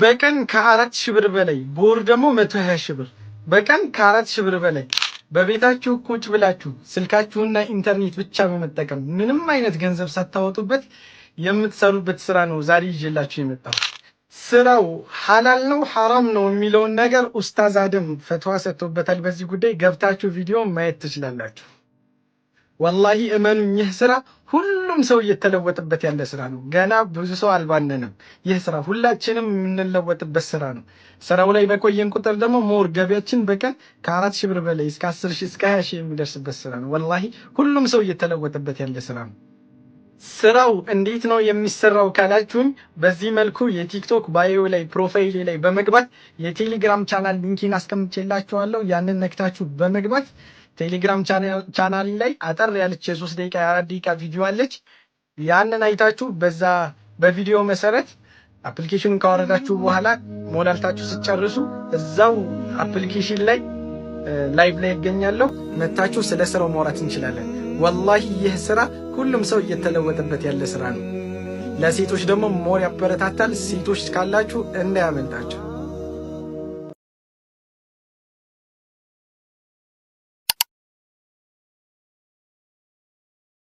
በቀን ከአራት ሺህ ብር በላይ በወር ደግሞ መቶ ሀያ ሺህ ብር በቀን ከአራት ሺህ ብር በላይ በቤታችሁ ቁጭ ብላችሁ ስልካችሁና ኢንተርኔት ብቻ በመጠቀም ምንም አይነት ገንዘብ ሳታወጡበት የምትሰሩበት ስራ ነው ዛሬ ይዤላችሁ የመጣው። ስራው ሀላል ነው ሀራም ነው የሚለውን ነገር ኡስታዝ አደም ፈትዋ ሰጥቶበታል። በዚህ ጉዳይ ገብታችሁ ቪዲዮ ማየት ትችላላችሁ። ወላሂ እመኑኝ ይህ ስራ ሁሉም ሰው እየተለወጠበት ያለ ስራ ነው። ገና ብዙ ሰው አልባነንም። ይህ ስራ ሁላችንም የምንለወጥበት ስራ ነው። ስራው ላይ በቆየን ቁጥር ደግሞ ሞር ገቢያችን በቀን ከአራት ሺህ ብር በላይ እስከ አስር ሺህ እስከ ሀያ ሺህ የሚደርስበት ስራ ነው። ወላሂ ሁሉም ሰው እየተለወጠበት ያለ ስራ ነው። ስራው እንዴት ነው የሚሰራው ካላችሁኝ በዚህ መልኩ የቲክቶክ ባዮ ላይ ፕሮፋይል ላይ በመግባት የቴሌግራም ቻናል ሊንኪን አስቀምጬላችኋለሁ። ያንን ነክታችሁ በመግባት ቴሌግራም ቻናል ላይ አጠር ያለች የሶስት ደቂቃ የአራት ደቂቃ ቪዲዮ አለች። ያንን አይታችሁ በዛ በቪዲዮ መሰረት አፕሊኬሽኑን ካወረዳችሁ በኋላ ሞላልታችሁ ስጨርሱ እዛው አፕሊኬሽን ላይ ላይቭ ላይ ይገኛለሁ። መታችሁ ስለ ስራው ማውራት እንችላለን። ወላሂ ይህ ስራ ሁሉም ሰው እየተለወጠበት ያለ ስራ ነው። ለሴቶች ደግሞ ሞር ያበረታታል። ሴቶች ካላችሁ እንዳያመልጣችሁ።